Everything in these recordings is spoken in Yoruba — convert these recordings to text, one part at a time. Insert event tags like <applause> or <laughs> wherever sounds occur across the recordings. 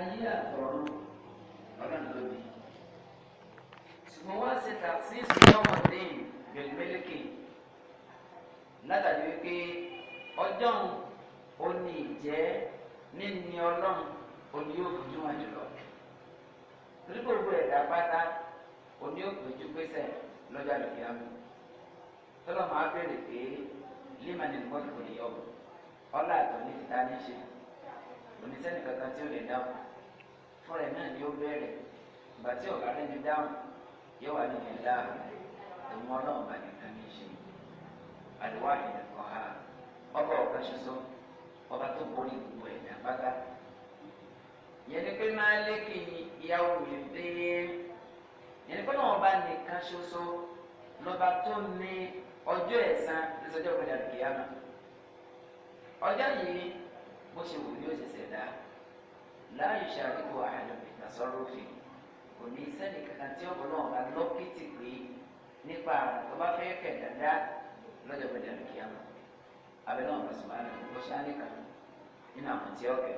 ayé àtọ̀run ọlọ́run ló bí ṣùgbọ́n wá ṣe tàṣí ìṣúná-ọmọdéyìn gbẹ̀lúmẹ́lẹ́kì látàrí wípé ọjọ́ òní ìjẹ́ níní ọlọ́run òní yóò fojú wọn jùlọ torí gbogbo ẹ̀dá pátá òní yóò fojú pésẹ̀ lọ́jà lòdì àmì tọ́lọ́ máa bèrè pé lima ni nǹkan kò ní yọ ọ́ ọ́ ní ti ta ṣe oníṣẹ́ nìkan kan tí ó lè dáhùn fúnra ẹ̀ náà ni ó bẹ̀rẹ̀ ìgbà tí ọ̀gá rẹ̀ ti dáhùn yóò wà nínú ìlà ìwọ̀n ọlọ́run bá nìkan ní í ṣe àdúrà ìdẹ̀kọ̀ ha ọba ọ̀kan ṣoṣo ọba tó borí gbogbo ẹ̀dá pátá yẹn ni pé máa lékè ìyàwó mi dé yẹn ni pé náà ọba nìkan ṣoṣo lọ́ba tó ní ọjọ́ ẹ̀sán lọ́sọ̀jọ́ ìpínlẹ̀ àdùkìyàmà ọjọ́ yìí bó ṣe wù ní òṣìṣẹ́ dáa láàyè ṣàríkò àhàlùmí tasọ́rọ́fì kò ní sẹ́ni kankan tí ọ̀pọ̀ náà bá lọ́kìtì pé nípa àrùn tó bá fẹ́ kẹ̀ dáadáa lọ́jọ́ gbẹ̀dẹ̀ ní kíámà abẹ́ náà bá sùnmọ́ àná ló ṣáálẹ̀ kan nínú àwọn tí ọ̀kẹ́.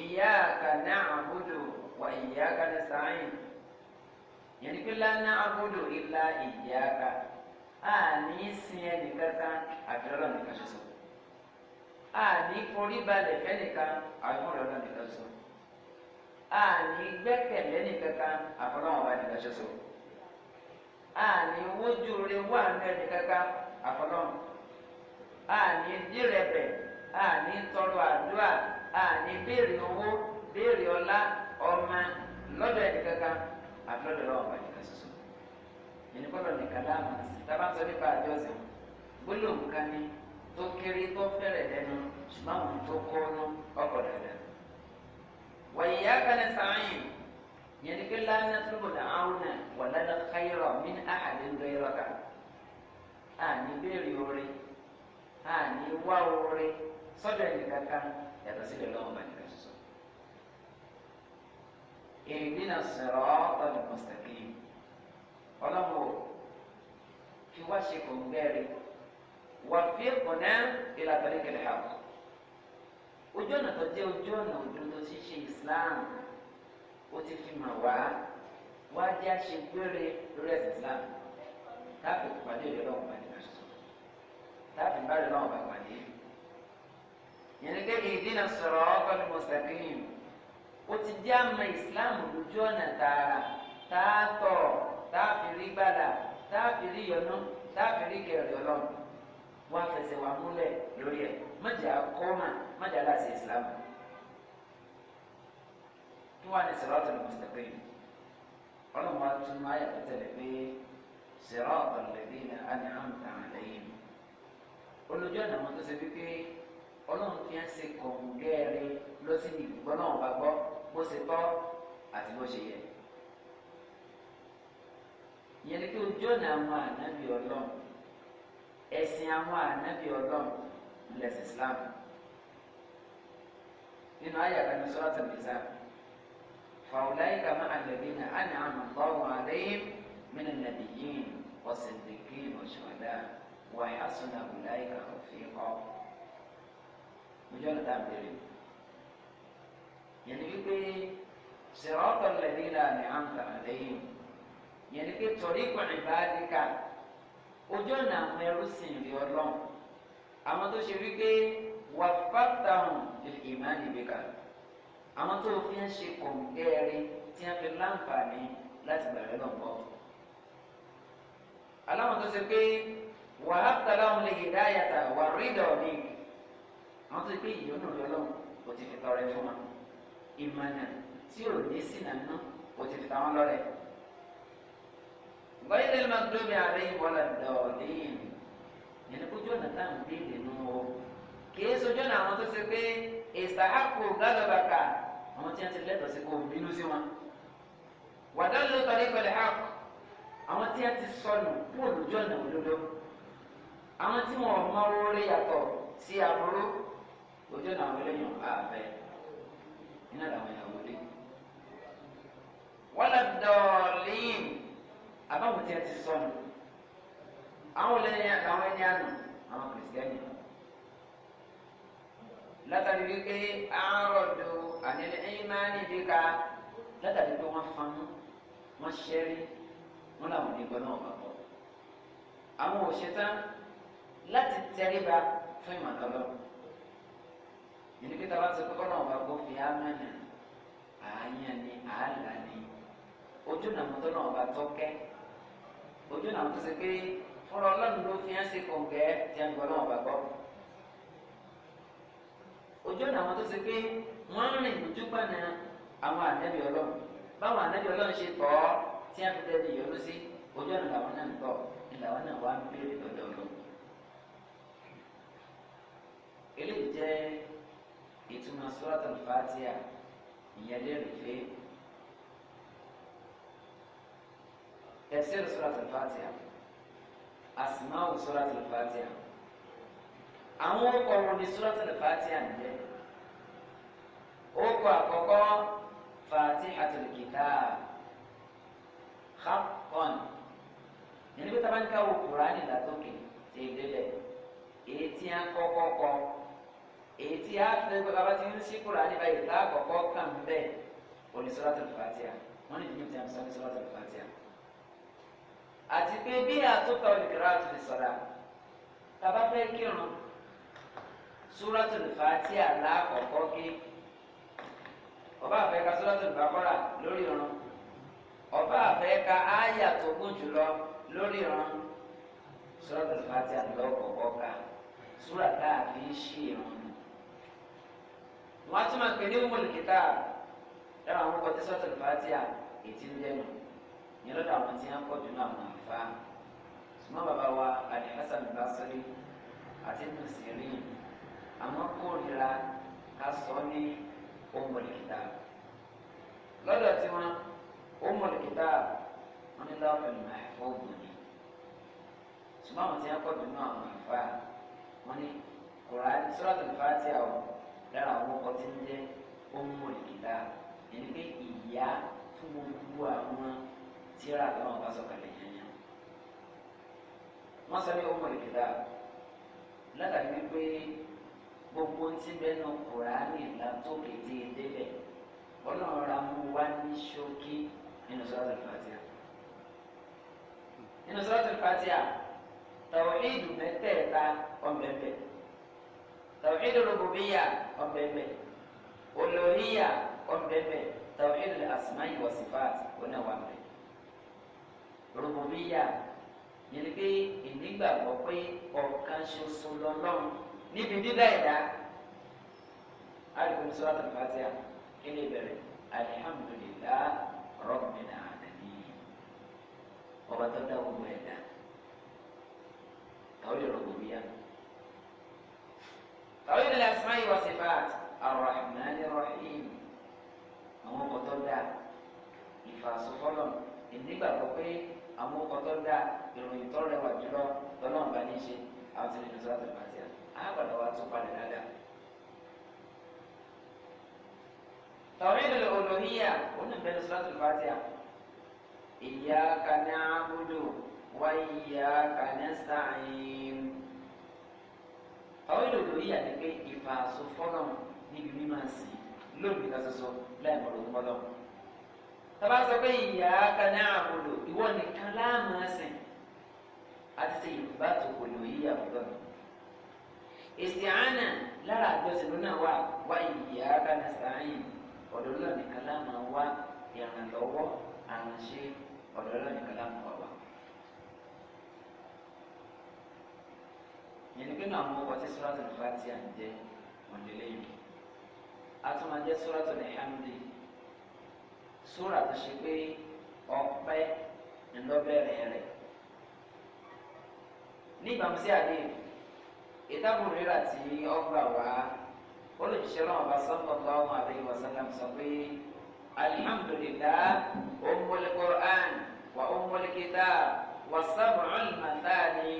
ìyá kaná àbúdò wà ìyá kaná sáyìn yẹn ni pé lánàá àbúdò ìlà ìyá ka àní sin ẹnì kẹta àbí ọlọ́ọ̀nì ṣoṣo àní forí balẹ̀ fẹ́nìkan àfọ̀rọ̀ ọ̀dọ̀ nìkan sọ àní gbẹ́kẹ̀lé nìkankan àfọ̀rọ̀ ọ̀dọ̀ nìkan sọ àní wójú rẹ wà nínú nìkankan àfọ̀rọ̀ àní dírẹ̀bẹ̀ àní tọrọ àdúrà àní béèrè owó béèrè ọlá ọmọ lọ́dọ̀ ẹnìkankan àfọ̀rọ̀ ọ̀dọ̀ nìkan sọ ẹnìkọ́lọ̀ nìkan láàmú tábà ń sọ nípa àjọsìn gbólóhùn kan ní tó kéré tó fẹ̀rẹ̀ lẹ́nu ṣùgbọ́n àwọn tó kọ́nú ọkọ̀ dada. wàyí yá kalẹ̀ sàáyìn yẹn ni pé lánà tó lò dá àwọn náà wà lánà káyọ̀rọ̀ mí ní àhàlẹ́ ń lọ́yọ̀rọ̀ ká. a ní béèrè orí a ní wá orí sọ́dọ̀ ẹ̀yìn kankan yàtọ̀ sílẹ̀ lọ́wọ́ bá nìkan ṣoṣo. ìdínà sọ̀rọ̀ ọ̀tọ̀ mustaqim ọlọ́mọ fi wá ṣe kò ń gbẹ́rẹ́. وفقنا إلى طريق الحق ojú ọ̀nà tó jẹ́ ojú ọ̀nà òdodo ṣíṣe islam ó ti fi mà wá wá jẹ́ àṣegbére lórí ẹ̀sìn islam táàfì pàdé ìrẹ́ lọ́wọ́ pàdé kàṣọ táàfì bá rẹ̀ lọ́wọ́ pàdé. yẹnìkẹ́ ìdínà sọ̀rọ̀ ọkọ̀lù mọ̀sàkìm ó ti jẹ́ àmà islam ojú ọ̀nà tààrà táàtọ̀ táàfì rí gbàdà táàfì rí yọnú táàfì rí kẹrẹ̀ ọlọ́run wá fẹsẹ̀ wá múlẹ̀ lórí ẹ̀ mọ̀jà kọ́mà mọ̀jà láti islam kí wàá ní sọ̀rọ̀tò lùmùsítàkì ọlọ́mọ tún ayà tó tẹ̀lé pé sọ̀rọ̀tò lẹ́dínà àni àmùtà àlẹ́yìn olójú ọ̀nà àwọn tó ṣe wípé ọlọ́run fi ń ṣe kọ̀ǹgẹ́rẹ́ lọ sí ìgbọ́ náà bá gbọ́ bó ṣe tọ́ àti bó ṣe yẹ ìyẹn ni pé ojú ọ̀nà àwọn ànábì ọlọ́run ẹ̀sìn àwọn ànábì ọlọ́run lẹ́sìn islam nínú ayàtọ̀ ní sọ́ọ̀tì nìsa fàwùláyé kàmá àlẹ́bínà àná àmà lọ́wọ́ àlẹ́yìn mínú nàbìyìn ọ̀sẹ̀dẹ̀kìn ọ̀ṣọ́dá wàyí àsúná wùláyé kàmá fi kọ́. ojú ọ̀nà tá a bèrè yẹnni wípé sèrọ́tọ̀ lẹ́bínà àná àmà lẹ́yìn yẹnni pé torí kò bá a dìka ojú ọ̀nà àwọn ẹrú sìn rí ọlọ́run àwọn tó ṣe wípé wà fàtàhùn ìmáàlì bíkà àwọn tó fi ń ṣe kòǹgẹ́rì tí wọ́n fi láǹfààní láti gbàrẹ́ lọ́gbọ́. aláwọn tó ṣe pé wàá tàláwọn lè dá yàtà wà rí dọ̀ọ̀bì àwọn tó ṣe pé ìyọ́nù ọlọ́run kò ti fi tọrẹ fún wọn ìmọ̀nà tí ò ní sínà náà kò ti fi ta lọ́rẹ̀ẹ́. غير المغضوب عليهم ولا الضالين yẹn kójú ọ̀nà tá à ń béèrè nù o kìí sojú ọ̀nà àwọn tó ṣe pé ìsàkó gálọ́bàkà àwọn tí wọ́n ti lẹ́tọ̀ọ́ sí kó bínú sí wọn. wàdà ló tọ́lé pẹ̀lẹ́ hàk àwọn tí wọ́n ti sọnù kó lójú ọ̀nà òdodo àwọn tí wọn mọ orí yàtọ̀ sí àbúrò lójú ọ̀nà àwọn eléyìí ọ̀pá àbẹ iná làwọn yàwó. sọnù àwọn olóyìn àtàwọn ẹni àná àwọn kìrìsìtẹ́nì látàrí wípé àárọ̀dù ànílẹ̀ ẹ̀yìn máa ń níbi ká látàrí pé wọ́n fanú wọ́n ṣẹ́rí wọ́n làwọn onígbọ́ náà bá bọ̀ àwọn òṣètán láti tẹríba fún ìmọ̀tọ́lọ́ ìní pété wá ti kọ́kọ́ náà bá gbọ́ fi ámánà àáyàn ni àálà ni ojú nàmọ́tọ́ náà bá tọ́kẹ́ ojú náà tó ṣe pé fúnra ọlọ́run ló fi hàn ṣe kọ̀ǹgẹ́ tí a ń gbọ́ náà gbàgbọ́ ojú ọ̀nà àwọn tó ṣe pé wọ́n ń rìn lójú gbọ̀nà àwọn ànábì ọlọ́run báwọn ànábì ọlọ́run ṣe tọ́ tí a fi tẹ́lẹ̀ ìyọnu sí ojú ọ̀nà làwọn náà ń tọ̀ ni làwọn náà wá ń béèrè lọ́dọ̀ ọlọ́run. eléyìí jẹ́ ìtumọ̀ sọ́rọ̀tàn fàtíà ìyẹn lérè pé tafsir سورة الفاتحة fatiha سورة الفاتحة، al-fatiha àwọn ọ̀rọ̀ ní surat al-fatiha nìyẹn ó kọ àkọ́kọ́ fatihatul kitab haqqan nínú pé tábàǹkà wo kùránì látòkè ṣe ìdílé èyí tí a kọ́kọ́ kọ èyí tí a fi lẹ́gbẹ̀ẹ́ bàbá tí ń ṣí kùránì báyìí tá àkọ́kọ́ kàn bẹ́ẹ̀ oní suratul fatiha wọ́n ní ìdílé tí a sọ ní suratul àti pé bí àtúntò olùkèrè àtúntò sọ̀rọ̀ tàbá fẹ́ kírun súrọ́tùlù fàtíà lákọ̀ọ́kọ́ ké ọba àfẹ́ka súrọ́tùlù bàkọ́rà lórí irun ọba àfẹ́ka áyà tó gùn jùlọ lórí irun súrọ́tùlù fàtíà lọ́kọ̀ọ́kọ́ ká súrà tá a fi ń ṣí irun wọ́n á tún máa pè ní mọ̀lùkítà ẹ̀rọ àwọn kọ́tí súrọ́tùlù fàtíà ètí ń dẹnu ìyẹn lọ́dọ̀ àwọn tí wọ́n kọ́ jù náà wọn àfa ṣùgbọ́n bàbá wa Al-Hasan Basri àti Ibn Sirin àwọn kórìíra ká sọ ní Ummul Kitab lọ́dọ̀ tí wọ́n Ummul Kitab wọ́n ní lọ́ọ̀fù màáfọ́ ògùnì ṣùgbọ́n àwọn tí wọ́n kọ́ bínú àwọn àfa wọ́n ní Kùránì Suratul Fatiha àwọn lára àwọn ọkọ̀ tí ń jẹ́ Ummul Kitab ẹni pé ìyá fún gbogbo àwọn tíra àtàwọn ọba sọ̀kalẹ̀ yẹn wọ́n sọ ní ọmọ ìkìlá látàrí wípé gbogbo ti bẹnu kùránì látòkè tí e débẹ̀ ọlọ́run ra mú wá ní ṣókí nínú sọ́ọ́tù fàtíà nínú sọ́ọ́tù fàtíà tọ̀wọ̀ ìdù mẹ́tẹ̀ẹ̀ta ọ̀bẹ̀bẹ̀ tọ̀wọ̀ ìdù rògbòmíyà ọ̀bẹ̀bẹ̀ olóríyà ọ̀bẹ̀bẹ̀ tọ̀wọ̀ ìdù asùmáyì wọ̀sífàt oníwàmẹ̀ rògbòmíyà yẹn ni pé ìnígbàgbọ́ pé ọ̀kan ṣoṣo lọ́lọ́run níbi dídá ẹ̀dá alùpùpù sọ́wọ́ àtàlùfáàtì à kí ni ìbẹ̀rẹ̀ alihamudulilayi rọ́bìnà àdàní ọba tó dá gbogbo ẹ̀dá tàwọn yọrọ gbogbo yá tàwọn yọrọ lásán yìí wọ́n sì fà arahmani rahim àwọn ọkọ̀ tó dá ìfàsọ́fọ́lọ́ ìnígbàgbọ́ pé amókọ tó dá ìròyìn tó rẹwà jùlọ lọ́nà bá ní ṣe àwọn tí nínú sọ́tò fàtíà á padà wá tún padà dáadáa. tawhid al-uluhiyya òun ìbẹ́ ní sọ́tò fàtíà iyyaka na'budu wa iyyaka nasta'in. tawhid al-uluhiyya ni pé ìfàsófọ́nà níbi mímọ̀ sí lónìí ká soso láì mọ̀ lóko bọ́lọ́mù tàbá sọ pé ìyá kaná àbòlò ìwọ nìkan láàmú ẹsìn àti ṣe yorùbá tó kò lò yí àbúrò mi èsì àánà lára àjọṣe lónà wà wá ìyá kaná sàáyìn ọ̀dọ́ lọ nìkan láàmú wá ìrànlọ́wọ́ àránṣe ọ̀dọ́ lọ nìkan láàmú wá wá. yẹn náà mo kọ sí sọ́ràtò nípa tí à ń jẹ́ òǹdílé yìí jẹ́ sọ́ràtò ní súrà tó ṣe pé ọpẹ́ ńlọ́bẹ̀rẹ̀ rẹ̀ níbàámu sí àdéhùn ìtàkùn rírà tí ọgbà wá olùjíṣẹ́ náà bá sọ́kọ̀ tó àwọn àbẹ̀yẹ wàsálàm sọ pé alihamdulilah ummul qur'an wa ummul kitab wa sab'ul mathani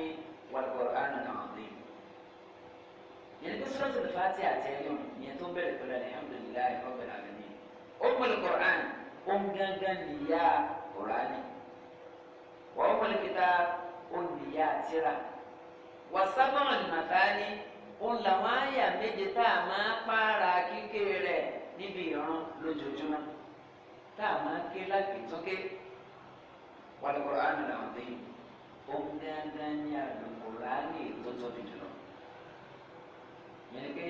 wal qur'an al-azim. yẹn tó sọ́ọ́sì lè fàtí àtẹ́yìn yẹn tó bẹ̀rẹ̀ pẹ̀lú alihamdulilah ọ̀bẹ̀rẹ̀ àbẹ̀yẹ ummul qur'an ó ń gángan nìyá kùránì wọ́n wọlé kíta ó nìyá àtìrà wàsábọ̀n nàfààní ó làwọn àyà méje tá a máa pààrà kíké rẹ̀ níbi ìran lójoojúmọ́ tá a máa ké lágbètúnké wàlúkọ̀rọ̀ àná làwọn dé yìí ó ń gángan ní àlùkùránì tó tóbi jùlọ yẹn ni pé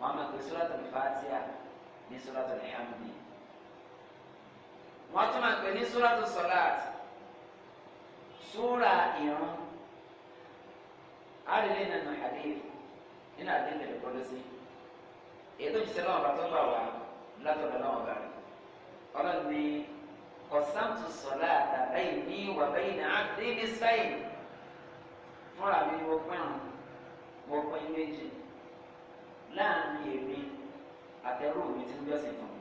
wọn máa pè sọ́dọ̀ tó ní fàtíà ní sọ́dọ̀ tó ní hàmìlì wọ́n tún máa pè ní súrátù sọ̀láàt súrà ìrún àrílẹ̀ nànà hadith nínú àdéhùn ìlú pọ́lọ́sì èyí tó jìṣẹ́ náà bá tó gbà wá látọ̀dọ̀ náà bá rẹ̀ ọlọ́run ní kọ̀sáǹtù sọ̀láàt àbẹ́yìn ní ìwà bẹ́yìn náà àdébí sáyìn fúnra mi ni mo pín un mo méjì láàrin èmi àtẹrù mi ti ń jọ́sìn fún mi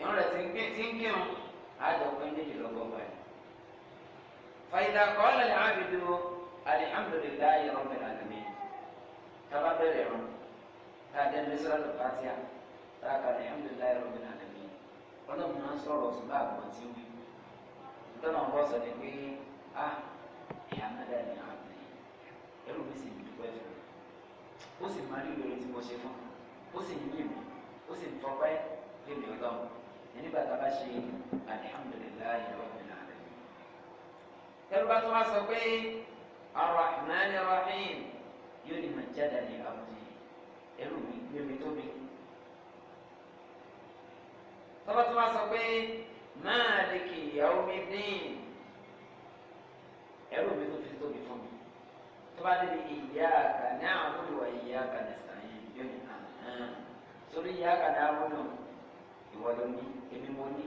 ìrún rẹ̀ ti ń kírun àjọ pé méjì lọ́gbọ̀n báyìí. fàyídà kọ́lẹ̀ ní àbídú alihamdulilayi rabbil alamin taba bẹ̀rẹ̀ rún tá a dẹ́nu sọ́dọ̀ fatia tá a kà alihamdulilayi rabbil alamin ọlọ́run máa ń sọ̀rọ̀ ṣùgbọ́n àgbọ̀n ti wí tọ́nà ọ̀rọ̀ sọ ni pé a ah, ìhàmẹ́dà ni a bẹ̀ ẹrù mi sì dúpẹ́ fún mi ó sì máa rí ìròyìn mo ṣe fún ó sì ń yìn mí ó sì ń fọpẹ́ lé mi ọlọ́run ẹni bàtà bá ṣe alihamudulilayi rabbil alamin. tẹ́lú bá tó wá sọ pé arahmani rahim yóò ní màá jáde ní àwùjọ ẹrù mi gbé mi tóbi. tọ́lá tó wá sọ pé máàlìkì yawmiddin ẹrù mi tó fi tóbi fún mi. tó bá dé ní iyyaka na'budu wa iyyaka nasta'in yóò ní àná. sórí iyyaka na'budu ìwọ ló ní èmi mo ní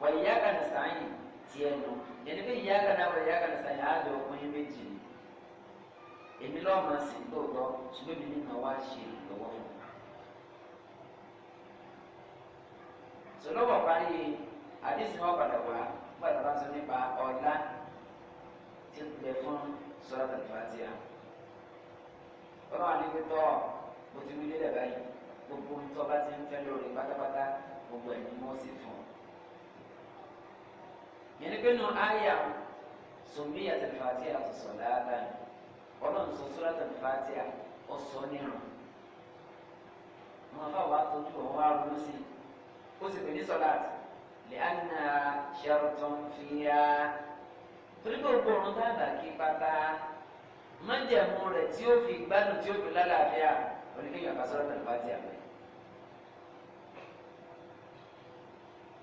wà ìyá kan sáyìn tí ẹ nu ẹni pé ìyá kan náà wà ìyá kan sáyìn á lọ pín méjì ni èmi lọ́wọ́ máa sìn lóòótọ́ ṣùgbọ́n mi ní màá wá ṣe ìlọ́wọ́ fún un. sọlọ́wọ́ parí àdéhùn wọn padà wá gbàdá bá sọ nípa ọ̀la tí ń bẹ fún sọ́lá tàlifàtìyà. ọlọ́wọ́ àdéhùn tọ́ mo ti wí lélẹ̀ báyìí gbogbo ń tọ́ bá ti ń fẹ́ lórí pátápátá gbogbo ẹ̀ ní wọ́n sì fún un. yẹn ni pé nù àyà sùnmí àtẹnifàtì àtọ̀sọ̀ dáadáa ni ọlọ́run sọ sọ́dọ̀ àtẹnifàtì ọ̀sọ́ nírun. wọn fà wá tójú wọn wá ronú sí i ó sì pè ní sọ́láàtì lẹ́yìn ṣẹ́rọ̀tún fi ya torí gbogbo ọ̀run dáadáa kí pátá májẹ̀mú rẹ̀ tí ó fi gbádùn tí ó fi lálàáfíà oníkéyàn bá sọ́dọ̀ àtẹnifàtì àbẹ̀.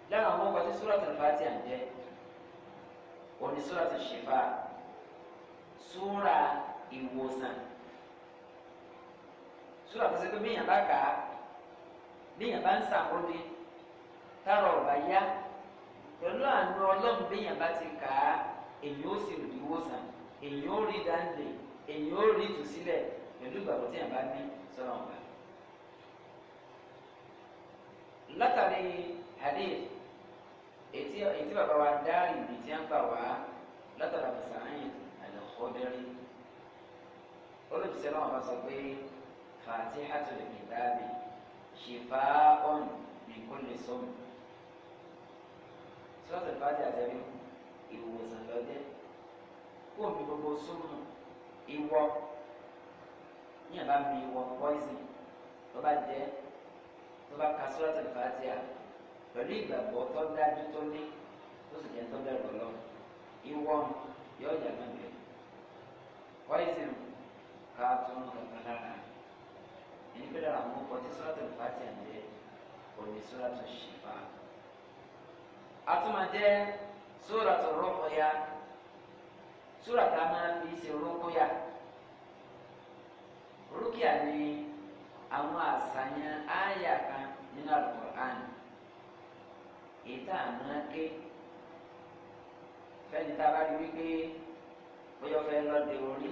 lára àwọn ọkọ̀ tí suratul Fatiha ń jẹ́ òní suratu shifa súra ìwòsàn súra tó ṣe pé bíyàn bá kà á bíyàn bá ń sàmúlò tára ọ̀bá yá pẹ̀lú àánú ọlọ́run bíyàn bá ti kà á èyí ó sì rí ìwòsàn èyí ó rí dáńdè èyí ó rí ìtúsílẹ̀ pẹ̀lú ìgbàgbọ́ tí yàn bá ní sọ̀rọ̀ ọ̀bá. látàrí hadith etí etí bàbá wa dárì bí tí a ń gbà wá látara bùsàáyìn àlùkọ́dẹ́rì olùbíṣẹ́ náà bá sọ pé fàtí àtúndì kìtàbì ṣèfà ọ̀n ní kò lè sọmù sọ́ọ̀tì fàtí àtẹ̀rí ìwòsàn lọ́dẹ kó omi gbogbo sọmù ìwọ ní àbá ìwọ pọ́ìsì tó bá jẹ tó bá ka sọ́ọ̀tì fàtí àtẹ̀rí pẹ̀lú ìgbàgbọ́ tó dájú tó ní tó sì jẹ́ tó bẹ̀rù lọ ìwọ yóò yà mọ́ bẹ̀rẹ̀ poison ká tún kankan lára ẹni pé lára àwọn ọkọ̀ tí sọ́ọ́tì ìfàtì àjẹ́ òní sọ́ọ́tì ṣìfà. àtúmọ̀jẹ́ sóòràtò rọ́pọ̀ya sóòràtà máa fi ṣe rọ́pọ̀ya rúkìá ni àwọn àṣàyàn ááyà kan nínú àlùkò àná èyí tá à ń ké fẹ́ni tá a bá rí wípé bóyá fẹ́ lọ́dẹ orí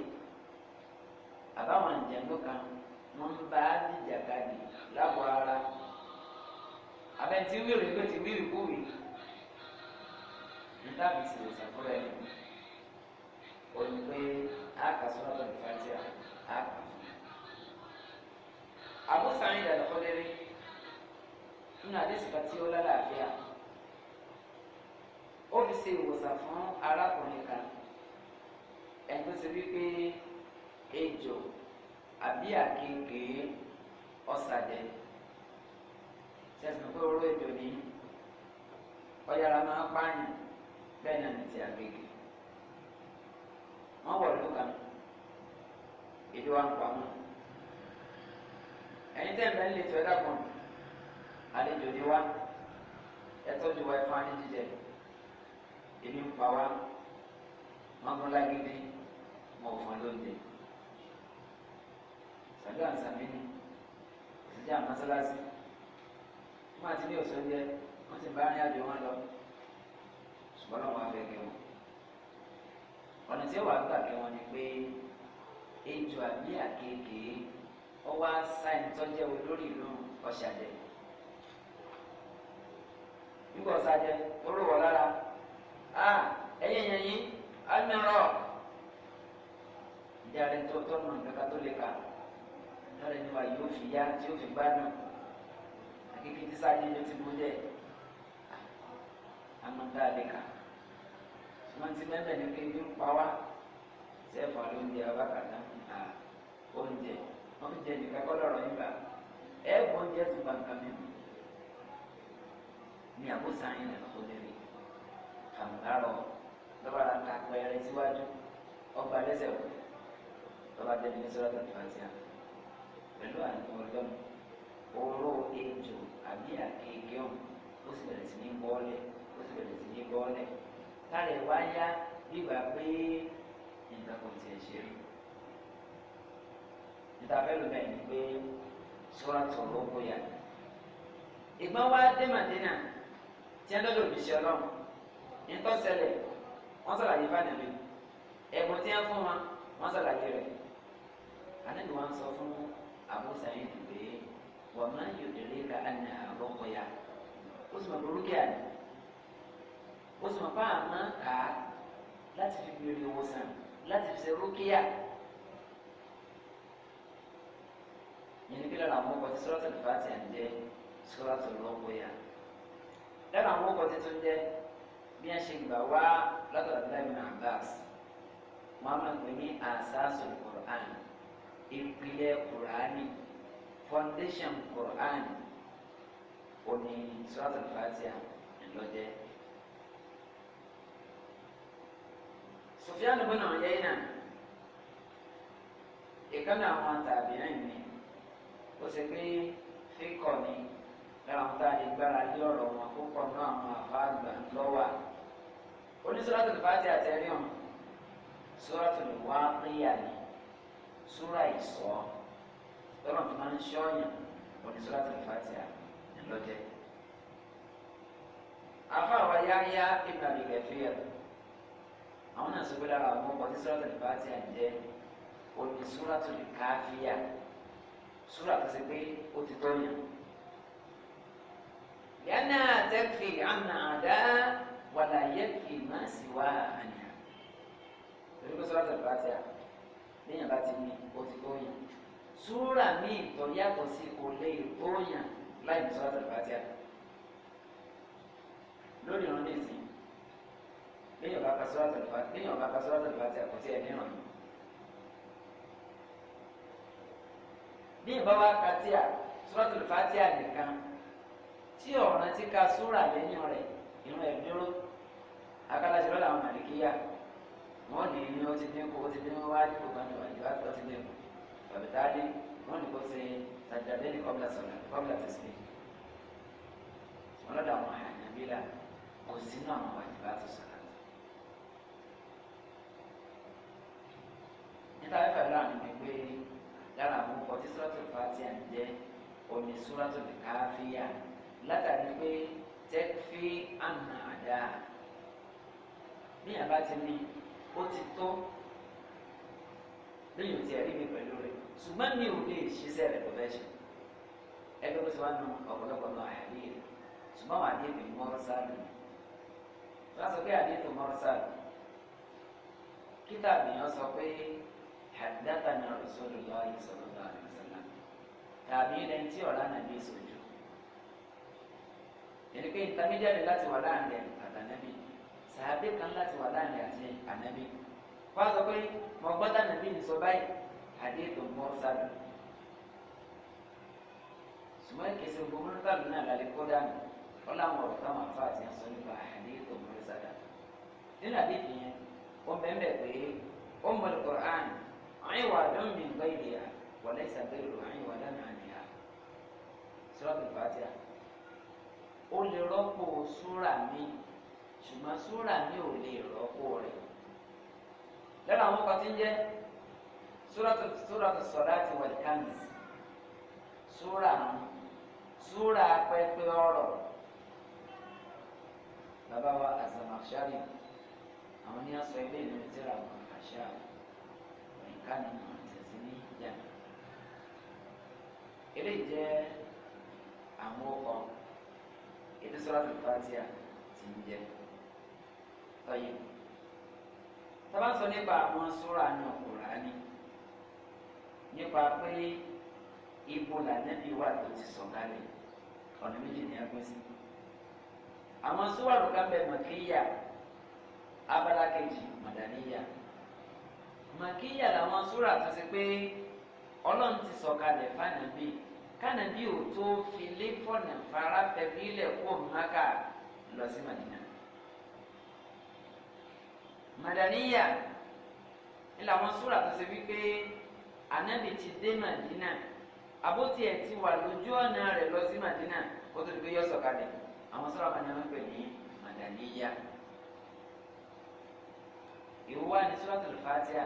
àbáwọn ìjẹ̀nu kan wọ́n ń bá dìjàkadì lábọ̀ ara abẹ́ntí wíìrì pé ti wíìrì kúwì níta fi sì wòsàn fún ẹ o pé a kà sọ́nà tó ní fatia a kà Abu Sa'id al-Khudri nínú àdéhùn kan tí ó lálàáfíà ó fi ṣe ìwòsàn fún arákùnrin kan ẹni tó ṣe wípé ejò àbí àkekè ọ̀sàdẹ ṣẹ̀sìn pé oró ejò ní ọ̀yàrá máa ń pààyàn bẹ́ẹ̀ náà ní ti àkekè wọ́n wọ̀ lóka ejò wa ń pa wọn ẹ̀yin tẹ̀ ń lè tọ́ ẹ̀dá kan àlejò ni wá ẹ̀tọ́jú wa ẹ̀fọn ní jíjẹ. Ini ń pa lagi mọ́kúnlágídé mau òfin lóde sàdúrà sàmínú ìsìnjà sejak wọ́n àti ilé òsó jẹ́ dia ti bá rìn àjò wọn lọ ṣùgbọ́n lọ́wọ́ afẹ́ kẹ́ wọn ọ̀nà tí ó wà gbà kẹ́ wọn ni pé ejò àbí àkekè ọwọ́ sáyẹn tọ́jẹ́ olórí ìlú ọ̀ṣàjẹ́ nígbà ọ̀ṣàjẹ́ ó lára ẹ̀yìn ẹ̀yìn yìí almirọ ìdí ààrẹ tó tọ́nà kankan tó lè kà lọ́rẹ̀ ni wà yóò fi yá tí yóò fi gbádùn akéèké tí sáájú ló ti mú dẹ̀ àmọ́ tá a lè kà wọ́n ti mẹ́mẹ́ ní pé bí ń pa wá sẹ́fọ̀ lóúnjẹ abákàtà à oúnjẹ oúnjẹ nìkan kọ́ lọ́rọ̀ yín gbà ẹ̀ẹ́dùn oúnjẹ tó gbà nǹkan ni àbúsàn yín lẹ́nu kó lè rí kàmùkárọ̀ lọ́wọ́ ara ka pẹ̀rẹ̀ síwájú ọgbà lẹ́sẹ̀ wò lọ́wọ́ adébí ní sọ́dọ̀ tìfàtìyà pẹ̀lú àdúgbò ọlọ́run oró ejò àbí àkeke ọ̀hún ó sì bẹ̀rẹ̀ sí ní bọ́ọ̀lẹ̀ ó sì bẹ̀rẹ̀ sí ní bọ́ọ̀lẹ̀ kárẹ̀ wá yá gbígbà pé nǹkan kò tiẹ̀ ṣe rí ìtàbẹ́lú bẹ́ẹ̀ ni pé sọ́ra tọ̀rọ̀ ó ìgbọ́n wá dé màdínà tí ẹ lọ́dọ̀ òbí ṣe ọlọ́run ntọ́sẹ̀lẹ̀ wọ́n sàlàyé bá nàbí ẹ̀bùn tí wọ́n fún wa wọ́n sàlàyé rẹ̀ anáni wọn sọ fún abúlé ìdìbò wọ́n máa ń yòdìrí ká ẹnì àrọ́kọ ya ó sì mọ̀ burúkú yà ni ó sì mọ̀ bá a máa kà á láti fi gbèrè ìwòsàn láti fi ṣe rúkìá yẹn ní kí lọ́la àwọn ọkọ̀ tí sọ́rọ́tò lè fà á ti à ń jẹ́ sọ́rọ́tò lọ́kọ̀ yà lọ́la àwọn ọkọ̀ tí tó jẹ́ bí a ṣe gbà wá látọ̀dọ̀ abdullahi bin abbas wọn máa ń pè ní asasul quran ìpìlẹ̀ qurani foundation quran òní surat al-fatiha ńlọjẹ. sufyan bin uyayna ìkànnì àwọn tàbíyàn ni ó ṣe pé fíkọ ni lára àwọn tá a lè gbára lé ọ̀rọ̀ wọn kó náà àwọn àfa àgbà lọ́wọ́ onísọ́ràtò fàtí àtẹ̀ríọ̀n sọ́ràtò wá péyà ni sọ́rà ìsọ́ lọ́nà tó máa ń ṣọ́ọ̀yàn onísọ́ràtò fàtí àlọ́jẹ́. afáwa yáyá ibn Abi Kathir àwọn náà sọ pé lára àwọn ọkọ̀ tí sọ́ràtò fàtí àjẹ́ onísọ́ràtò káfíà sọ́rà tó ṣe pé ó ti tọ́yàn. yánà tẹ́kì àná àdá wàlà yẹ́kì má sì wá àníyàn torí pé sọ́dọ̀ bàtì à léyìn bá ti ní o ti gbóyàn súrà míì tó yàtọ̀ sí kò lè gbóyàn láì ní sọ́dọ̀ bàtì à lórí ìran ní ìsìn léyìn bá ka sọ́dọ̀ bàtì léyìn bá ka sọ́dọ̀ bàtì à kò tí ẹ̀ níràn yìí. ní ìbáwá katia sọ́dọ̀ bàtì à nìkan tí ọ̀ràn ti ka súrà lẹ́yìn rẹ̀ ìran ẹ̀ nírò akálàṣẹ lọ́la àwọn màlìkíyà wọ́n ní ní ó ti dínkù ó ti dínkù wá ní gbogbo àti wàjú àti ọtí dínkù bàbá táàdé wọ́n ní kó ṣe sàjàdé ní kọ́bílà sọ̀rọ̀ kọ́bílà ti sè wọ́n lọ́dọ̀ àwọn àyànbílà kò sínú àwọn wàjú àti sọ̀rọ̀. níta fífà lọ́nà ni pé lára àwọn ọkọ̀ tí sọ́ọ̀tù fàtíà ń jẹ́ òní sùrọ̀tù káfíà látàrí pé tẹ́kfí àmà àdáa bíyàn bá ti ní ó ti tó bíyàn ti ẹ̀rí mi pẹ̀lú rẹ̀ ṣùgbọ́n mi ò lè ṣiṣẹ́ rẹ̀ lọ́fẹ́ ṣe ẹgbẹ́ bó ti wá nu ọ̀pọ̀lọpọ̀ náà àyàlí rẹ̀ ṣùgbọ́n àwọn àdéhùn mọ́rọ́sáàlì wọ́n sọ pé àdéhùn mọ́rọ́sáàlì kíta àbíyàn sọ pé àdìdáta ni ọ̀rọ̀sọ́lù lọ sàábé kan láti wà láàrin àti ànábì wọn sọ pé mo gbọ́ tànàbí mi sọ báyìí àdé tó mọ́ sábà ṣùgbọ́n ìkẹsẹ̀ gbogbo mọ́ sábà náà lálẹ́ kó dànù wọn láwọn ọ̀rọ̀ táwọn afá àti ẹ̀sọ́ nípa àdé tó mọ́ sábà nínú àdé fi yẹn wọn bẹ́ẹ̀ pé ó mọ alukur'an ọ̀hìn wà ló mi nǹkan ìdí à wọlé ìsàgbéró ọ̀hìn wà lánàá ni à sọ́ọ́ ṣùgbọ́n súrà mi ò lè rọ́pò rẹ̀ lọ́la àwọn ọkọ̀ tí ń jẹ́ súrà tó sọ̀rọ̀ àti wọ̀lìkánì súrà mi súrà pẹ́pẹ́ ọ̀rọ̀ bàbá wa àzàmàṣárì àwọn ní aṣọ ilé ìlú tíra wọn àṣà wọ̀lìkánì àtẹ̀sí ní ìjà eléyìí jẹ́ àwọn ọkọ̀ ètò sọ́lá tó fàtíà ti ń jẹ́ tọ́yì tábà sọ nípa àwọn sóra náà Kùránì nípa pé ibo lànàbí wà tó ti sọ̀kalẹ̀ ọ̀nà méjì ní agbésí àwọn sóra ló ká bẹ màkìyà abala kejì màdàníyà màkìyà làwọn sóra tó ṣe pé ọlọ́run ti sọ̀kalẹ̀ fànàbí kánàbí ò tó fi fọ̀nà fara fẹ́ bílẹ̀ kó máka lọ sí màdínà madaniya ni làwọn súrà tó ṣe wípé ànábì ti dé madina àbótiẹ̀ ti wà lójú ọ̀nà rẹ̀ lọ sí madina kó tó di pé yọ sọ̀kalẹ̀ àwọn súrà kan náà wọ́n pè ní madaniya èwo wá ní suratul Fatiha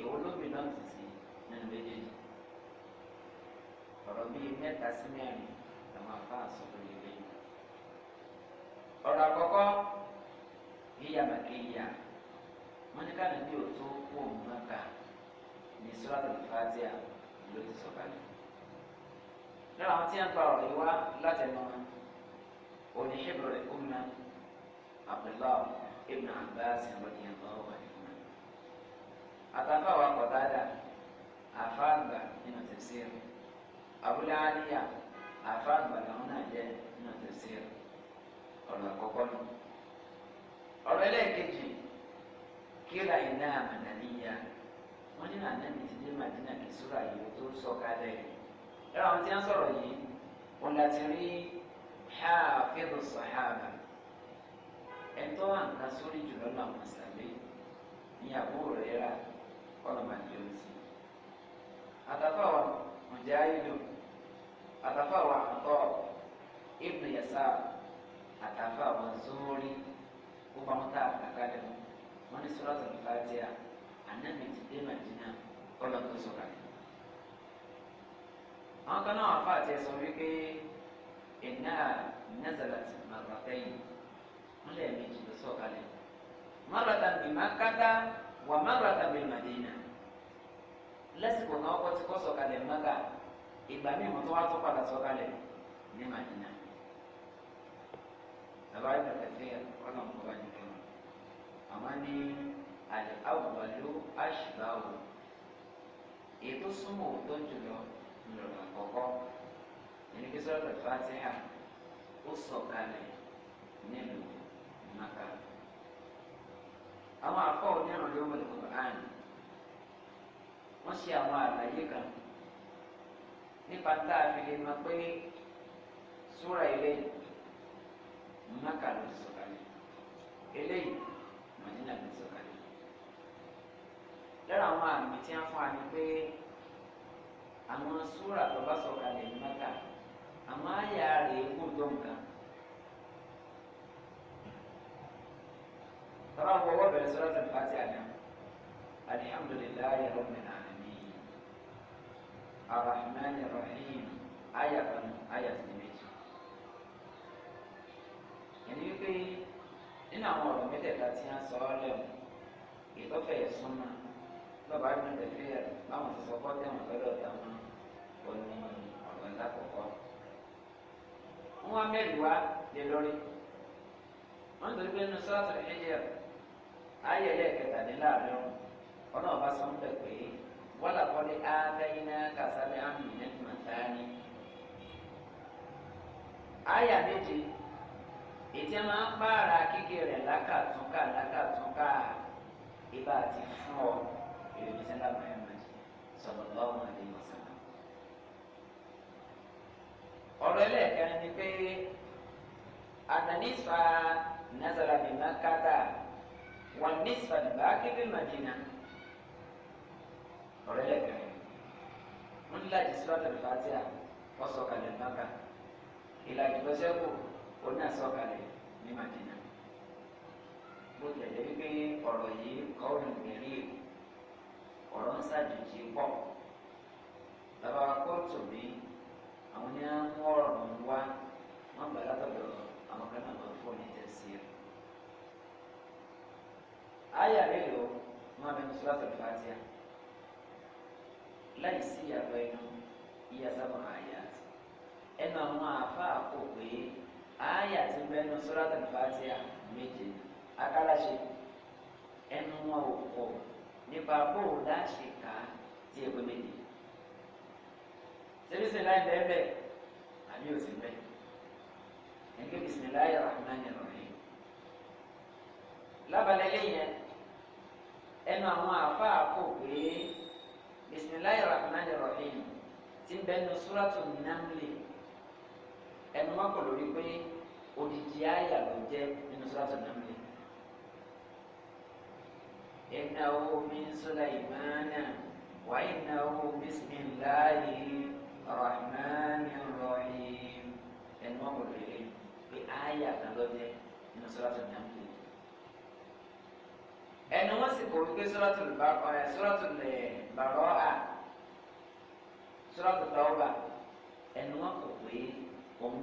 èwo ló belong to sí nínú méjèèjì ọ̀rọ̀ bíi mẹ́ta sí mẹ́rin làwọn afáàsọ lórí ilé ọ̀rọ̀ àkọ́kọ́ hiya makiya wọ́n ní káàdì bí òtún wò mọ́ta ní sọ́ọ̀tù fàtíà ló ti sọ̀kalẹ̀. lára àwọn tí wọ́n gba ọ̀rọ̀ yìí wá látẹnu òní hebron ìkúnná abdullahi ibn abbas ìròyìn ẹ̀kọ́ wà nínú. àtàkọ́ àwọn akọ̀dáadà àfáàgbà nínú tẹ̀síìrì abúlé àríyá àfáàgbà làwọn náà jẹ́ nínú tẹ̀síìrì ọ̀rọ̀ àkọ́kọ́ náà ọ̀rọ̀ ẹlẹ́ẹ̀kejì kíra iná àmàlàníyà wọ́n nínú ànábì ti dé màdínà kí súra yìí tó ń sọ kalẹ̀ yìí ẹ̀rọ àwọn tí wọ́n sọ̀rọ̀ yìí wọn láti rí hafidu sahaba ẹ̀tọ́ àǹkà sórí jùlọ làwọn sàlẹ̀ ìyàwó rẹ̀ rà kọ́nà sí àtàfà wọn jẹ́ ayélujára. kalẹ̀ wọ́n ní sọ́lọ́tò fàtíà ànábì ti dé màdínà kọ́lọ́ tó sọ kalẹ̀. àwọn kan náà fà tiẹ̀ sọ wípé iná nazalati marratayn wọ́n lè méjì ló sọ kalẹ̀ marrata bi Makkata wà marrata bi Madina lásìkò náà wọ́n ti kọ́ sọ kalẹ̀ Mákà ìgbà míì wọ́n tó wá tó padà sọ kalẹ̀ ní màdínà. Bàbá ìgbà kẹfẹ́ ọ̀nà ọ̀gbọ̀n àmọ́ ní àlè àwùjọ àṣìbáwò èyí tó súnmọ́ tó jùlọ ńlọrọ̀ àkọ́kọ́ ẹni pé sọ́dọ̀ fatiha ó sọ̀kalẹ̀ nílùú maka àwọn afọ onírun ló quran wọn ṣe àwọn àlàyé kan nípa tá a fi lè mọ pé súra ilé maka ló sọ̀kalẹ̀ eléyìí mọ̀nìlá ní sọ̀kalẹ̀ lára àwọn àmì tí wọ́n fún wa ni pé àwọn súrà tó bá sọ̀kalẹ̀ ní mẹ́ta àmọ́ àyà rẹ̀ kò tó nǹkan. tọ́lá ń fọwọ́ bẹ̀rẹ̀ sọ́lá tó ń fa ti àná alihamdulilayi rọ̀mìn àmì arahmani rahim àyà kan àyà sí wípé nínú àwọn ọ̀rọ̀ mẹ́tẹ̀ẹ̀ta tí wọ́n sọ ọ́ lẹ̀ ìtọ́fẹ̀ ẹ̀sùn náà lọ́ba nínú tẹ̀fẹ́ báwọn ti sọ kọ́ tẹ̀wọ̀n lọ́dọ̀ táwọn ò ní ọ̀rọ̀ ńlá kọ̀ọ̀kọ́. wọ́n wá mẹ́rìíwá lé lórí wọ́n torí pé nínú sọ́ọ̀tù ẹ̀jẹ̀ ayé lẹ́ẹ̀kẹtàdínláàdọ́rùn ọ̀nà ọba sọ ń bẹ̀ pé wọ́n làkọ́ ní ádáyé náà kàsámi àmì nẹ́tìmọ̀tánì. ayé àbẹ́jẹ́ ètí ẹ máa ń pààrà kíkẹ́ rẹ̀ lákàtúnkà lákàtúnkà ibà àti fún ọ ìròyìn sẹ́lá muhammed sallallahu alaihi wasallam. ọ̀rọ̀ ẹlẹ́ẹ̀kan ni pé àtàníṣà nazara bí makata wọn níṣà bá kébé madina ọ̀rọ̀ ẹlẹ́ẹ̀kan ni wọ́n ní láti sọ́tò fàtíà wọ́n sọ̀kalẹ̀ náà ká ìlàjì lọ́sẹ̀kù òun náà sọ̀kalẹ̀ ní madina bó tẹ̀lé wípé ọ̀rọ̀ yìí kọ́ọ̀rùn mẹ́rì ọ̀rọ̀ ń ṣàjòjì pọ̀ bàbá kóòtù mi àwọn ní àwọn ọ̀rọ̀ ń wá wọn gbà látọ̀dọ̀ àwọn kan náà máa fọ́ ní tẹ̀sí rẹ̀ àyà mélòó wọn bẹ ní sọ́lá fàtíà láì sí ìyàtọ̀ ẹnu ìyàtọ̀ àwọn àyà ẹnu àwọn àfa àkókò yìí àyà ti bẹnu sọ́ràtà fàtíà méje akálàṣe ẹnu wọn ò pọ̀ nípa bóò láṣẹ ká tí èpè méje sẹ́bíṣe láì bẹ́ẹ̀ bẹ́ẹ̀ àbí òsì bẹ́ẹ̀ ẹgbẹ́ bisimilayi rahman rahim lábàlẹ̀ lẹ́yìn ẹnu àwọn àfáà kò pé bisimilayi rahman rahim ti bẹnu sọ́ràtà nàmlẹ̀ ẹnu má kọ̀ lórí pé odidi àyà ló jẹ́ nínú sọ́tò náà mi. ìnáwó mi sọ́lá ìmáàna wà ìnáwó bísímìláì rahmani rahim ẹnu má kọ̀ lórí pé àyà kan ló jẹ́ nínú sọ́tò náà mi. ẹnu wọn sì kò wípé sọ́tò bàbá à sọ́tò tọ́ba ẹnu wọn kò pé ọmọ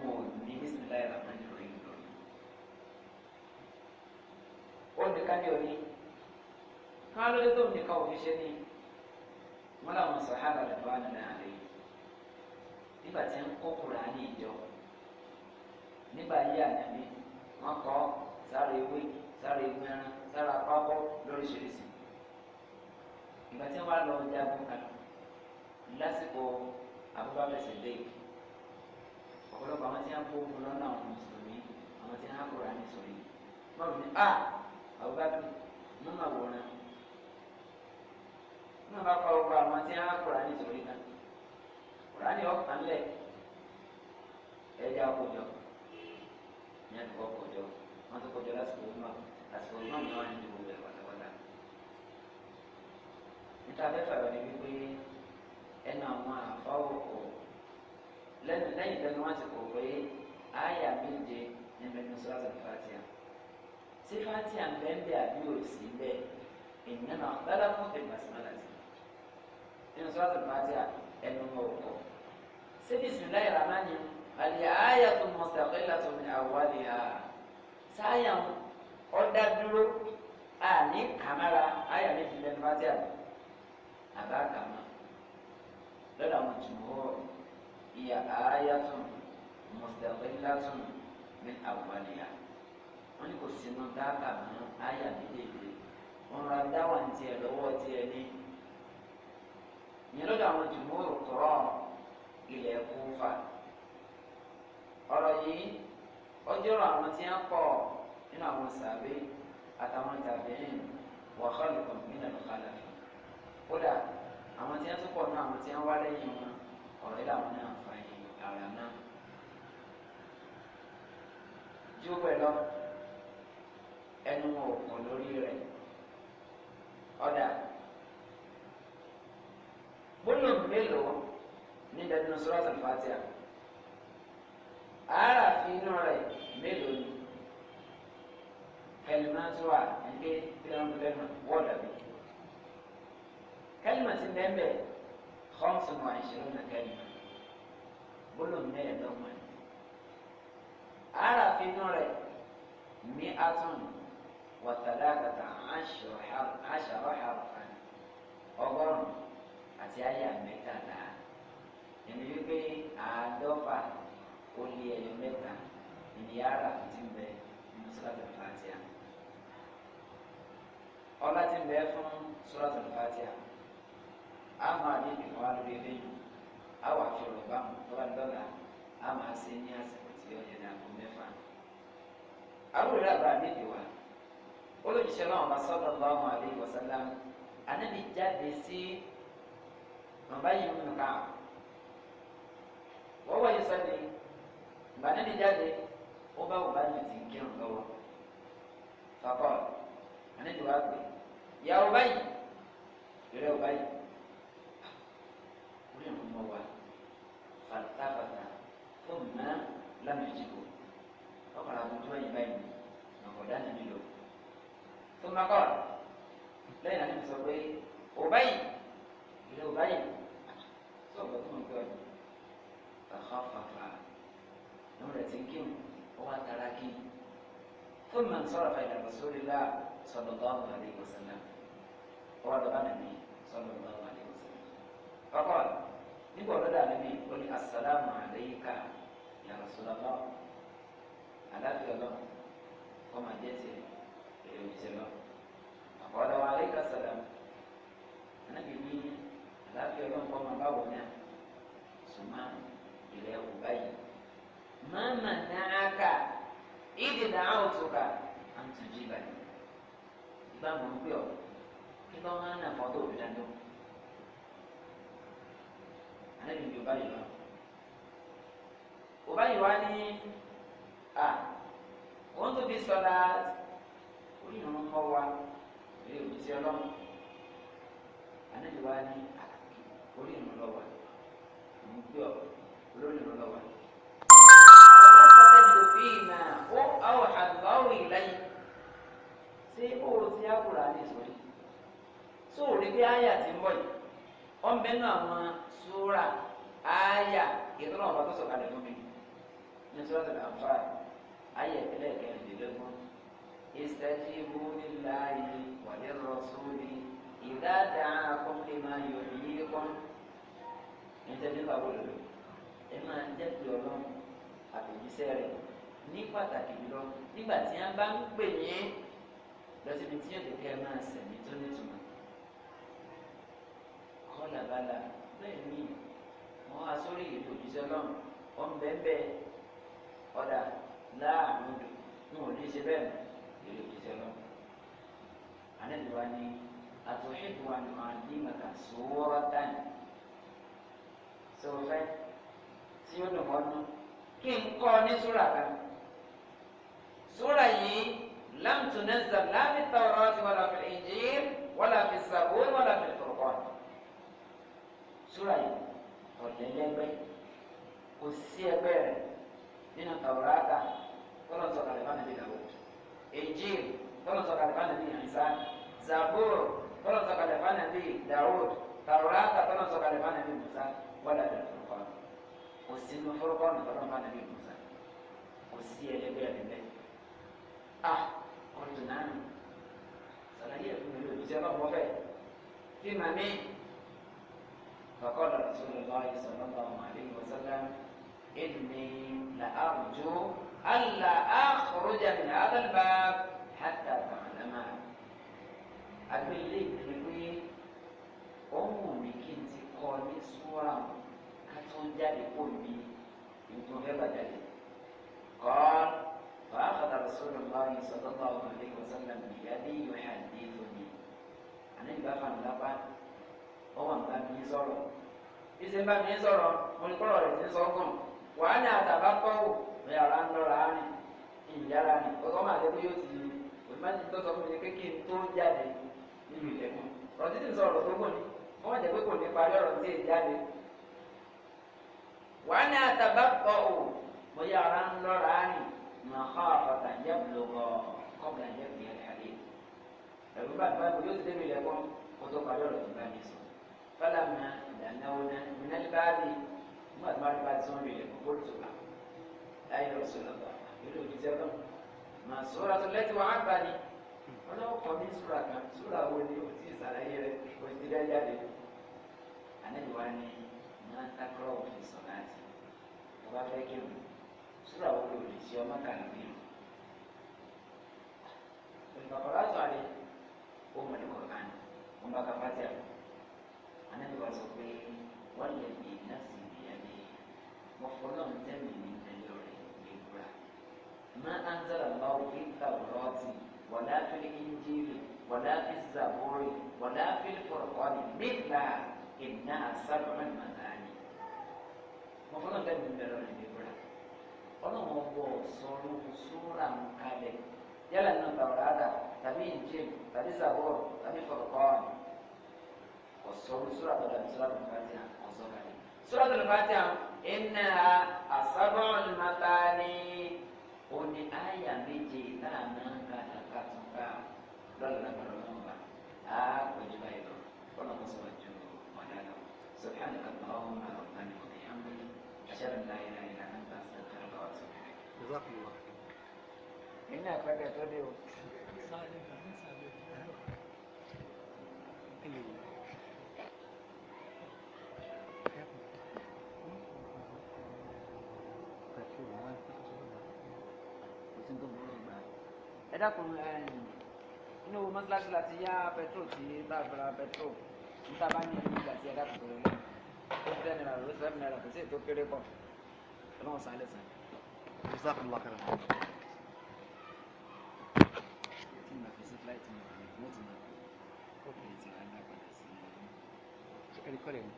ní bísíláì rahman rahim lórí. ó nìkan ní òní káwọn lórí tó nìkan òfin ṣe ni. wọn làwọn sọ̀hábà rẹ̀ wà nínú àlẹ́ yìí nígbà tí ń kó kura ní ìjọ nígbà yí àyàmí wọn kọ sára ewé sára ìgbẹ́ran sára pápọ́ lóríṣiríṣi ìgbà tí wọn lọ jagun kan lásìkò abúbáfẹsẹ̀ lẹ́yìn ọ̀pọ̀lọpọ̀ àwọn tí wọ́n kó ogun lọ́nà àwọn mùsùlùmí àwọn tí wọ́n kọ̀ra ní sórí wọ́n fi ní a àbúgbàdùn mú mà wòran mú mà pa ọkọ̀ àwọn tí wọ́n kọ̀ra ní sórí náà kọ̀ra ní ọkàn lẹ̀ ẹ̀jẹ̀ àkójọ ní àdúgbò kọjọ wọ́n tó kọjọ lásìkò ọmọ àsìkò ọmọ mi wọ́n ní ìdìbò bẹ̀rẹ̀ pátápátá níta fẹ́ fàrọ̀ lẹ́nu lẹ́yìn tẹ́nu wọ́n ti kò pé àyà méje ní mẹ́nu sọ́ọ̀tì fatia tí fatia ń bẹ́ẹ̀ bẹ́ẹ̀ àbí ò sí bẹ́ẹ̀ ènìyàn náà bẹ́ẹ̀ fún fèrè màsímọ́lá ti nínú sọ́ọ̀tì fatia ẹnu ọ̀pọ̀ síbi ìsìnláyà ramani àlẹ́ àyà tó mọ̀ sàkóyìlá tó ní àwọ̀lẹ̀ ha sáyà ọ̀dà dúró àní kàmára àyà méjì lẹ́nu fatia àbá kàmá lọ́dọ̀ àwọn jùmọ̀ ọ̀rọ̀ ìyá ayatun mustaqillatun min awwaliha wọ́n ní kò sínú dáàkà mọ́ àyà méjèèjì wọ́n ra dáwà ní tiẹ̀ lọ́wọ́ tiẹ̀ ní. ìyẹn lọ́dọ̀ àwọn jùmọ̀rò kọ̀rọ̀ ilẹ̀ kúfà ọ̀rọ̀ yìí ọjọ́ rọ̀ àwọn tí wọ́n pọ̀ nínú àwọn sàbẹ̀ àtàwọn tàbíyìn wà kọ́lùkọ̀ nínú àlùkàlà kódà àwọn tí wọ́n tún pọ̀ nínú àwọn tí wọ́n wá lẹ́yìn wọn ọ̀rẹ́ là tí ó pẹ̀lọ́ ẹnu òkun lórí rẹ̀ ọ̀dà gbólóhùn mélòó ní dandan sọ́rọ́sì fàtíà ara fi inú rẹ̀ mélòó ni kẹlìmọ́tòwà ẹgbẹ́ kílọ̀mùlẹ́mù wọ́ọ̀dà mi kẹlìmọ́tì mẹ́mẹ́ khamsun wa ishiruna kẹlìmọ́ gbólóhùn mẹ́ẹ̀ẹ́dọ́gbọ̀n. ara finu rẹ mi atun wàtàlákàtà aṣọrọ harfan ọgọ́rùn àti àyà mẹ́tàlá ẹni wípé àádọ́fà ó lé ẹyọ mẹta ìní ara ti bẹ nínú fàtíà ọlá ti bẹ fún fàtíà a máa ní lórí eléyìí a wà fi ọ̀rọ̀ bá sí ọ̀jẹ̀ ní àgọ́ mẹ́fà. àbúrò àbá níbi wa olójúṣẹ́ náà bá sọ́dọ̀ bá wọn àlẹ́ ìwọ̀sálá anábì jáde sí bàbá yìí mú ká wọ́n wáyé sọ́ni ìbànábì jáde ó bá wọ́n bá yìí ti kírun lọ́wọ́ fàkọ́ anábì wa pè yàwó báyìí ìrẹ́wò báyìí orí ìrùmọ̀ wa fàtàfàtà fún mi náà lánàá ìjìbò ọkùnrin àtúntò ẹ̀yìn báyìí ọkọ̀ dání mi lò tó má kọ́ lẹ́yìn àti sọ pé òbáyì ilé òbáyì tó ọ̀gbọ́n tó ń gbọ́ ẹ̀ kàkọ́ fàfà lóun rẹ̀ ti ń kí mu ó wá tara kí fún mi sọ̀rọ̀ fàyè lọ́wọ́ sórí lá sọ̀dọ̀ lọ́wọ́ àlẹ́ ìwòsàn náà ó wá lọ́wọ́ àlẹ́ sọ̀dọ̀ ya Rasulullah àlàáfíà ọlọ́run kọ́ máa jẹ́ tiẹ̀ èrè òjijì lọ. àkọ́dá wa aleyka sàlám anábì ní àlàáfíà ọlọ́run kọ́ máa bá wọ̀ náà sùnmọ́ ìrẹ̀ ẹ̀wù báyìí. máma náà kà ìdè náà ò tó kà á jí báyìí. ìgbà mọ̀ ń pè ọ́ kí lọ́ fọ́tò òbí dáńdó. anábì ní o báyìí lọ́wọ́ báyìí wá ní à wọ́n tó fi sọ̀dà orí ìrún kọ́ wa eré òjíṣẹ́ ọlọ́run ànábì ní àkàkì orí ìrún lọ́wọ́ òun gbé ọ olórí ìrún lọ́wọ́. àwọn aláṣẹ fi ìmọ̀ ó àwọn àgbáwò ìlẹ́yìn ṣé oòrùn ti á kúrò àlè sórí sóòrè bí àyà ti ń bọ̀ yìí ọ̀nbẹ́nu àwọn sóòrà àyà ìtọ́nà ọ̀bà tó sọ̀kalẹ̀ fún mi ní sọ́dọ̀ làǹfà ayé ìpínlẹ̀ kẹrìndínlógún ìsẹ́jìbù níláàyè wàlẹ́ rọ́sùlì ìdáadáa kọ́ńté máa yọ ìyí kọ́n. nítorí bàbá olùdó ẹ máa ń jẹ́ pé ọlọ́run àtẹ̀jíṣẹ́ rẹ̀ ní pàtàkì jùlọ nígbà tí wọ́n bá ń pè yín lọ síbi tí yóò kẹ́kẹ́ máa sẹ̀mí tó nítumọ̀. kọ́là bàlà bẹ́ẹ̀ ni wọ́n á sórí ìlú òjíṣẹ́ ọlọ́run wọ́n bẹ́ẹ̀ bẹ́ẹ̀ ọ̀dà láàánú dùn ní òní ṣe bẹ́ẹ̀ mọ̀ èrè òjíṣẹ́ lọ. Ànẹ́bí wa ni àtúnṣètò wa ni màá dín màkà sóòrọ̀ táyì. Sọ̀rọ̀ fẹ́ tí ó dùn wọ́n nú kí n kọ́ ní súrà kan. Súrà yìí lámtù nẹ́sà láàbí tọrọ ti wà láfi ìjìr wà láfi sàbó wà láfi tòrọkọ. Súrà yìí ọ̀dẹ́lẹ́gbẹ́ kò sí ẹgbẹ́ rẹ̀ nínú tàwùrátà tọ́lọ̀ sọ̀kalẹ̀ bá nàbí dàwọ̀ èjìl tọ́lọ̀ sọ̀kalẹ̀ bá nàbí ànsá zabur tọ́lọ̀ sọ̀kalẹ̀ bá nàbí dàwọ̀ tàwùrátà tọ́lọ̀ sọ̀kalẹ̀ bá nàbí musa wọ́lá dà fúrukọ́ kò sí inú fúrukọ́ nù tọ́lọ̀ bá nàbí musa kò sí ẹlẹgbẹ́ ẹlẹgbẹ́ ah kọ́ńtù náà sàlàyé ẹ̀fún mi lòdì sí ọlọ́wọ́ bẹ́ẹ̀ fi màmí فقال رسول الله صلى الله عليه وسلم إني لأرجو ألا أخرج من هذا الباب حتى تعلم أبليك نقول أمي كنت قومي سورة كتون جالي قلبي يمكن غير جالي قال فأخذ رسول الله صلى الله عليه وسلم بيدي يحدثني أنا بقى فنلقى هو أنت ميزورو إذا بقى ميزورو من كل قرر تنزوركم wàhálà àtàbà tọrọ ní ara ń lọra ní ìyára ní ọkọ máa lé pé yóò ti òun máa ti tó sọ fún mi kékeré tó jáde nínú ìlẹ̀kùn ọ̀rọ̀ títí sọ ọ̀rọ̀ tó gùn ni wọ́n jẹ́ pé kò ní parí ọ̀rọ̀ tí èyí jáde wàhálà àtàbà tọrọ bóyá ara ń lọra ní màkà àfàtà yẹ bulọgọ kọbìlà yẹ kìí ẹ̀ka lé bàbá mi yóò ti dé mi kó tó parí ọ̀rọ̀ tó bá mi sọ fọlá mi ìdánáwó náà ìnáyí nígbà tí wọ́n bá ti wọ́n rìn lẹ́kọ̀ọ́ kó tó bá láyé lọ sí lọ́gbà nínú ìdíjẹ́ náà màá sọ́ra tó lẹ́tí wọ́n á gbà ní ọlọ́kọ̀ ní sùúrà kan sùúrà wo ni o ti ìsàlàyé rẹ o ti dá jáde ànábi wa ni máa ń takọ́rọ̀ òfin sọ láti wọ́n bá fẹ́ kí mi sùúrà wo ló lè ṣe ọmọ kan bí mi. olùkọ́kọ́ látọ̀ àlẹ́ ó mọ̀ ní kọ̀ọ̀kan wọn bá ka fásitì àná ànábi wa sọ pé wọ́n lè bí mo fọlọ́ ń tẹ̀mí ní ẹ̀yọ rẹ̀ lè gbà. má a ń sára bá òbí kàwọ́rọ́ọ̀tì wọ̀lá fílí injiri wọ̀lá fílí zabori wọ̀lá fílí fọ̀rọ̀kọ́ni nígbà ìná àsábọ̀rọ̀ màdáni. mo fọlọ́ ń tẹ̀mí ní ẹ̀yọ rẹ̀ lè gbà. ọlọ́run ọgbọ́ sọ̀rọ̀ sóra ń kalẹ̀ yálà nínú tàwọ̀rọ̀ tàbí injiri tàbí zabori tàbí fọ̀rọ̀kọ́ni ọ̀sọ́rọ̀ sóra tó dàbí sóra tó ń bá ti à ọ̀sọ́ innaha asabul matani ó ayam àyà méje láàánú kàdákà tó ká lọ́la lọ́la lọ́la á pẹ̀lú báyìí lọ سبحانك اللهم ربنا وبحمدك أشهد أن لا إله إلا أنت أستغفرك وأتوب إليك الله ẹ dákun inú owó mọ́sálásí láti yá pẹtrol tí bá a fara pẹtrol níta bá ní ẹni nígbà tí ẹ dákun tó lọ ó ti tẹ́lẹ̀ rárá ó ti tẹ́lẹ̀ rárá kò sí ètò kéré pọ̀ ọlọ́run sálẹ̀ sàn. Jazakallah khairan. Tí mo fi sí fúláìtì mi, mo ti mọ kọ́pì tí wàá dá padà sí. Ṣé kọ́lẹ̀ ni?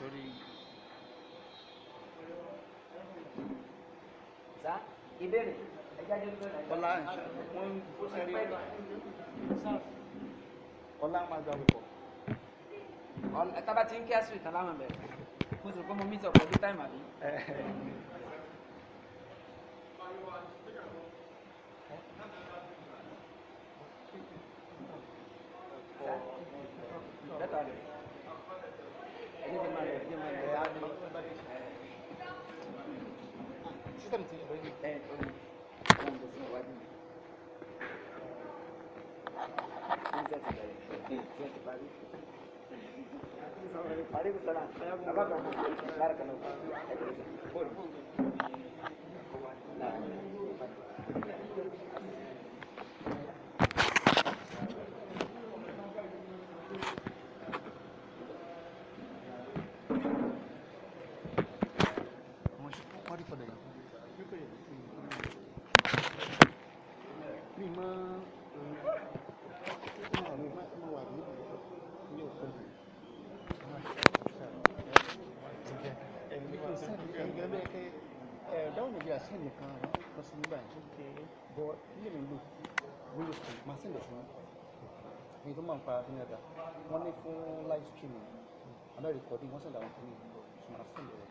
torí sa ìbéèrè ẹjáde tó lọ ọlá wọn ó sì rí ọlá máa gba púpọ̀ tábà tí ń kí àsìrì tán láwọn bẹ̀rẹ̀ mo sì kọ́ mo mí sọ pẹ̀lú táìmù àbí. <laughs> वालेकुम सलाम Americo, dimos en la 20 minutos,